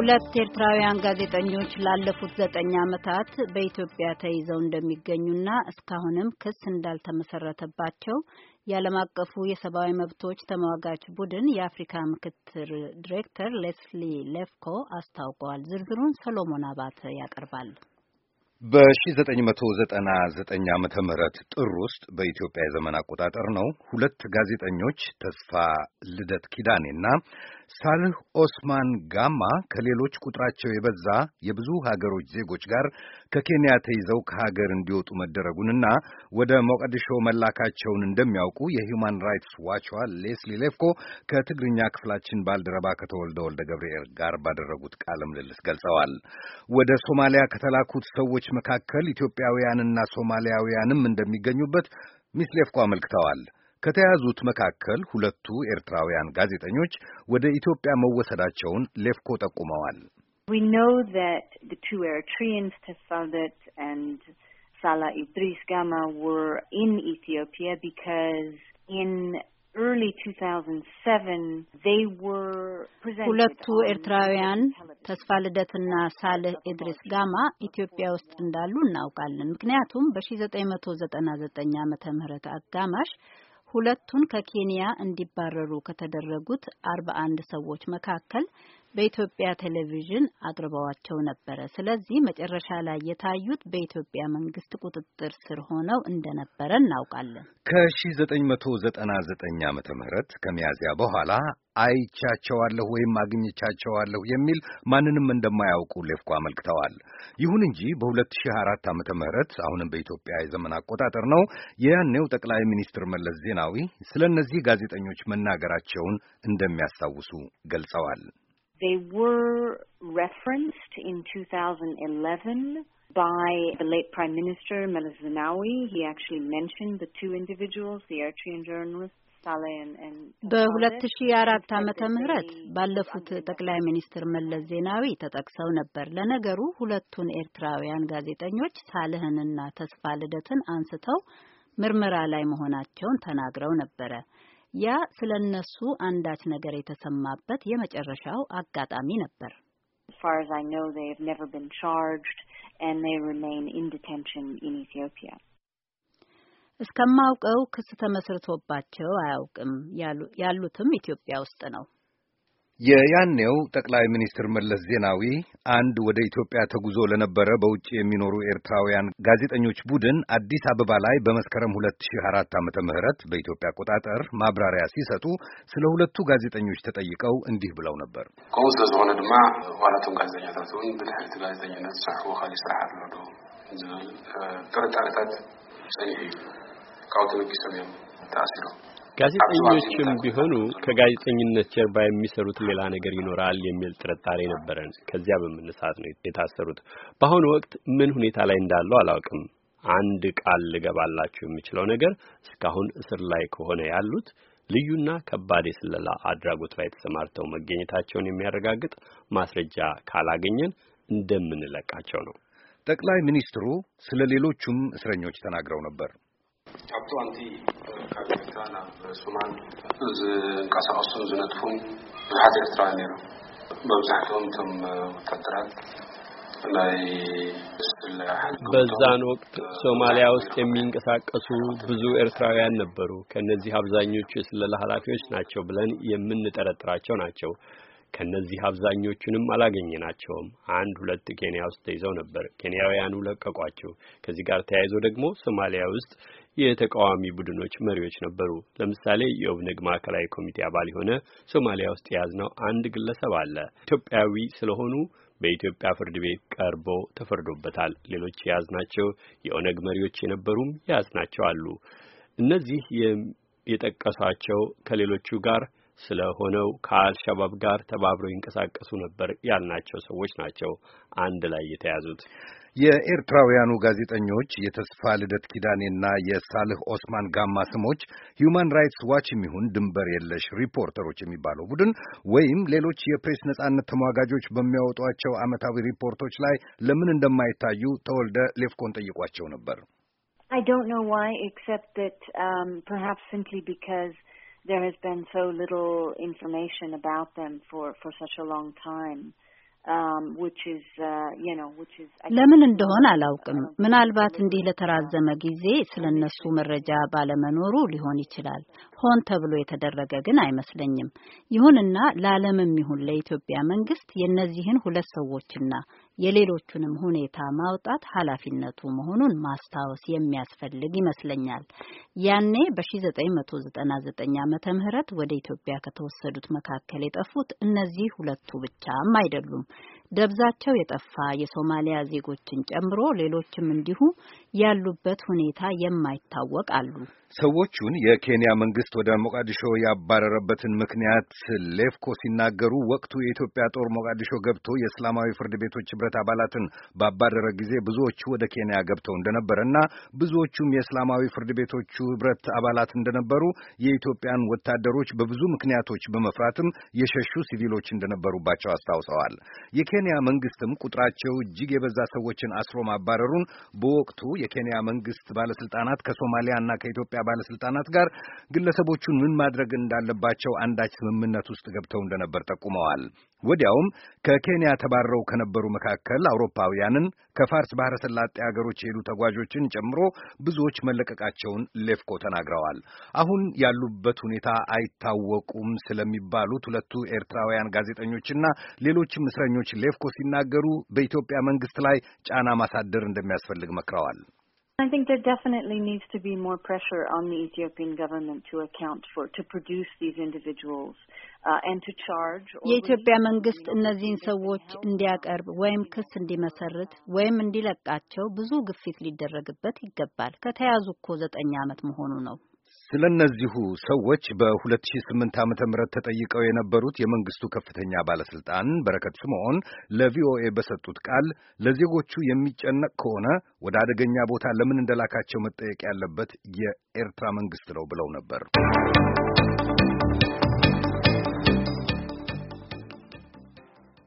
ሁለት ኤርትራውያን ጋዜጠኞች ላለፉት ዘጠኝ ዓመታት በኢትዮጵያ ተይዘው እንደሚገኙና እስካሁንም ክስ እንዳልተመሰረተባቸው የዓለም አቀፉ የሰብአዊ መብቶች ተሟጋች ቡድን የአፍሪካ ምክትል ዲሬክተር ሌስሊ ሌፍኮ አስታውቀዋል። ዝርዝሩን ሰሎሞን አባተ ያቀርባል። በ1999 ዓመተ ምህረት ጥር ውስጥ በኢትዮጵያ የዘመን አቆጣጠር ነው። ሁለት ጋዜጠኞች ተስፋ ልደት ኪዳኔና ሳልህ ኦስማን ጋማ ከሌሎች ቁጥራቸው የበዛ የብዙ ሀገሮች ዜጎች ጋር ከኬንያ ተይዘው ከሀገር እንዲወጡ መደረጉንና ወደ ሞቃዲሾ መላካቸውን እንደሚያውቁ የሂውማን ራይትስ ዋቿ ሌስሊ ሌፍኮ ከትግርኛ ክፍላችን ባልደረባ ከተወልደ ወልደ ገብርኤል ጋር ባደረጉት ቃለ ምልልስ ገልጸዋል። ወደ ሶማሊያ ከተላኩት ሰዎች መካከል ኢትዮጵያውያንና ሶማሊያውያንም እንደሚገኙበት ሚስ ሌፍኮ አመልክተዋል። ከተያዙት መካከል ሁለቱ ኤርትራውያን ጋዜጠኞች ወደ ኢትዮጵያ መወሰዳቸውን ሌፍኮ ጠቁመዋል። Salah Idris Gama were in Ethiopia because in ሁለቱ ኤርትራውያን ተስፋ ልደትና ሳልህ ኢድሪስ ጋማ ኢትዮጵያ ውስጥ እንዳሉ እናውቃለን። ምክንያቱም በ1999 ዓመተ ምህረት አጋማሽ ሁለቱን ከኬንያ እንዲባረሩ ከተደረጉት አርባ አንድ ሰዎች መካከል በኢትዮጵያ ቴሌቪዥን አቅርበዋቸው ነበረ። ስለዚህ መጨረሻ ላይ የታዩት በኢትዮጵያ መንግስት ቁጥጥር ስር ሆነው እንደነበረ እናውቃለን። ከሺ ዘጠኝ መቶ ዘጠና ዘጠኝ ምህረት በኋላ አይቻቸዋለሁ ወይም አግኝቻቸዋለሁ የሚል ማንንም እንደማያውቁ ሌፍኮ አመልክተዋል። ይሁን እንጂ በ2004 ዓመተ ምህረት አሁንም በኢትዮጵያ የዘመን አቆጣጠር ነው የያኔው ጠቅላይ ሚኒስትር መለስ ዜናዊ ስለ እነዚህ ጋዜጠኞች መናገራቸውን እንደሚያስታውሱ ገልጸዋል። They were referenced in 2011 by the late Prime Minister Meles Zenawi. He actually mentioned the two individuals, the Eritrean journalist በ2004 ዓመተ ምህረት ባለፉት ጠቅላይ ሚኒስትር መለስ ዜናዊ ተጠቅሰው ነበር። ለነገሩ ሁለቱን ኤርትራውያን ጋዜጠኞች ሳልህንና ተስፋ ልደትን አንስተው ምርመራ ላይ መሆናቸውን ተናግረው ነበረ። ያ ስለ እነሱ አንዳች ነገር የተሰማበት የመጨረሻው አጋጣሚ ነበር። as far as እስከማውቀው ክስ ተመስርቶባቸው አያውቅም ያሉትም ኢትዮጵያ ውስጥ ነው። የያኔው ጠቅላይ ሚኒስትር መለስ ዜናዊ አንድ ወደ ኢትዮጵያ ተጉዞ ለነበረ በውጭ የሚኖሩ ኤርትራውያን ጋዜጠኞች ቡድን አዲስ አበባ ላይ በመስከረም 2004 ዓመተ ምህረት በኢትዮጵያ አቆጣጠር ማብራሪያ ሲሰጡ ስለ ሁለቱ ጋዜጠኞች ተጠይቀው እንዲህ ብለው ነበር። ከምኡ ስለ ድማ ዋላቶም ጋዜጠኛታት እውን ብድሕሪቲ ጋዜጠኝነት ዝሰርሕዎ ካሊእ ስራሕ ኣሎ ዶ ዝብል ጥርጣሬታት ፀኒሑ እዩ ከአውደ መንግስት ታስረው ጋዜጠኞችም ቢሆኑ ከጋዜጠኝነት ጀርባ የሚሰሩት ሌላ ነገር ይኖራል የሚል ጥርጣሬ ነበረን። ከዚያ በመነሳት ነው የታሰሩት። በአሁኑ ወቅት ምን ሁኔታ ላይ እንዳለው አላውቅም። አንድ ቃል ልገባላችሁ የምችለው ነገር እስካሁን እስር ላይ ከሆነ ያሉት ልዩና ከባድ የስለላ አድራጎት ላይ ተሰማርተው መገኘታቸውን የሚያረጋግጥ ማስረጃ ካላገኘን እንደምንለቃቸው ነው። ጠቅላይ ሚኒስትሩ ስለ ሌሎቹም እስረኞች ተናግረው ነበር። wanti ካብ ኤርትራ ናብ ሱማን ዝንቀሳቀሱን ዝነጥፉን ብዙሓት ኤርትራ ነይሩ መብዛሕትኦም እቶም ወታደራት በዛን ወቅት ሶማሊያ ውስጥ የሚንቀሳቀሱ ብዙ ኤርትራውያን ነበሩ። ከእነዚህ አብዛኞቹ የስለላ ኃላፊዎች ናቸው ብለን የምንጠረጥራቸው ናቸው። ከነዚህ አብዛኞቹንም አላገኘናቸውም። አንድ ሁለት ኬንያ ውስጥ ተይዘው ነበር፣ ኬንያውያኑ ለቀቋቸው። ከዚህ ጋር ተያይዞ ደግሞ ሶማሊያ ውስጥ የተቃዋሚ ቡድኖች መሪዎች ነበሩ። ለምሳሌ የኦብነግ ማዕከላዊ ኮሚቴ አባል የሆነ ሶማሊያ ውስጥ የያዝነው አንድ ግለሰብ አለ። ኢትዮጵያዊ ስለሆኑ በኢትዮጵያ ፍርድ ቤት ቀርቦ ተፈርዶበታል። ሌሎች የያዝናቸው የኦነግ መሪዎች የነበሩም የያዝናቸው አሉ። እነዚህ የጠቀሷቸው ከሌሎቹ ጋር ስለሆነው ከአልሻባብ ጋር ተባብረው ይንቀሳቀሱ ነበር ያልናቸው ሰዎች ናቸው አንድ ላይ የተያዙት። የኤርትራውያኑ ጋዜጠኞች የተስፋ ልደት ኪዳኔና የሳልህ ኦስማን ጋማ ስሞች ሂዩማን ራይትስ ዋች የሚሆን ድንበር የለሽ ሪፖርተሮች የሚባለው ቡድን ወይም ሌሎች የፕሬስ ነጻነት ተሟጋጆች በሚያወጧቸው ዓመታዊ ሪፖርቶች ላይ ለምን እንደማይታዩ ተወልደ ሌፍኮን ጠይቋቸው ነበር። I don't know why, except that um, perhaps simply because there has been so little information about them for for such a long time. Um, uh, ለምን እንደሆነ አላውቅም። um, ምናልባት እንዲህ ለተራዘመ ጊዜ ስለነሱ መረጃ ባለመኖሩ ሊሆን ይችላል። ሆን ተብሎ የተደረገ ግን አይመስለኝም። ይሁንና ለዓለምም ይሁን ለኢትዮጵያ መንግስት የእነዚህን ሁለት ሰዎችና የሌሎቹንም ሁኔታ ማውጣት ኃላፊነቱ መሆኑን ማስታወስ የሚያስፈልግ ይመስለኛል። ያኔ በ1999 ዓመተ ምህረት ወደ ኢትዮጵያ ከተወሰዱት መካከል የጠፉት እነዚህ ሁለቱ ብቻም አይደሉም። ደብዛቸው የጠፋ የሶማሊያ ዜጎችን ጨምሮ ሌሎችም እንዲሁ ያሉበት ሁኔታ የማይታወቅ አሉ። ሰዎቹን የኬንያ መንግስት ወደ ሞቃዲሾ ያባረረበትን ምክንያት ሌፍኮ ሲናገሩ ወቅቱ የኢትዮጵያ ጦር ሞቃዲሾ ገብቶ የእስላማዊ ፍርድ ቤቶች ህብረት አባላትን ባባረረ ጊዜ ብዙዎቹ ወደ ኬንያ ገብተው እንደነበረ እና ብዙዎቹም የእስላማዊ ፍርድ ቤቶቹ ህብረት አባላት እንደነበሩ የኢትዮጵያን ወታደሮች በብዙ ምክንያቶች በመፍራትም የሸሹ ሲቪሎች እንደነበሩባቸው አስታውሰዋል። የኬንያ መንግስትም ቁጥራቸው እጅግ የበዛ ሰዎችን አስሮ ማባረሩን በወቅቱ የኬንያ መንግስት ባለስልጣናት ከሶማሊያና ከኢትዮጵያ ባለስልጣናት ጋር ግለሰቦቹን ምን ማድረግ እንዳለባቸው አንዳች ስምምነት ውስጥ ገብተው እንደነበር ጠቁመዋል። ወዲያውም ከኬንያ ተባረው ከነበሩ መካከል አውሮፓውያንን ከፋርስ ባህረ ሰላጤ ሀገሮች የሄዱ ተጓዦችን ጨምሮ ብዙዎች መለቀቃቸውን ሌፍኮ ተናግረዋል። አሁን ያሉበት ሁኔታ አይታወቁም ስለሚባሉት ሁለቱ ኤርትራውያን ጋዜጠኞችና ሌሎችም እስረኞች ለአዴፍኮ ሲናገሩ በኢትዮጵያ መንግስት ላይ ጫና ማሳደር እንደሚያስፈልግ መክረዋል። I think there definitely needs to be more pressure on the Ethiopian government to account for, to produce these individuals uh, and to charge. የኢትዮጵያ መንግስት እነዚህን ሰዎች እንዲያቀርብ ወይም ክስ እንዲመሰርት ወይም እንዲለቃቸው ብዙ ግፊት ሊደረግበት ይገባል። ከተያዙ እኮ ዘጠኝ ዓመት መሆኑ ነው። ስለ እነዚሁ ሰዎች በ2008 ዓ ም ተጠይቀው የነበሩት የመንግስቱ ከፍተኛ ባለሥልጣን በረከት ስምዖን ለቪኦኤ በሰጡት ቃል ለዜጎቹ የሚጨነቅ ከሆነ ወደ አደገኛ ቦታ ለምን እንደላካቸው መጠየቅ ያለበት የኤርትራ መንግስት ነው ብለው ነበር።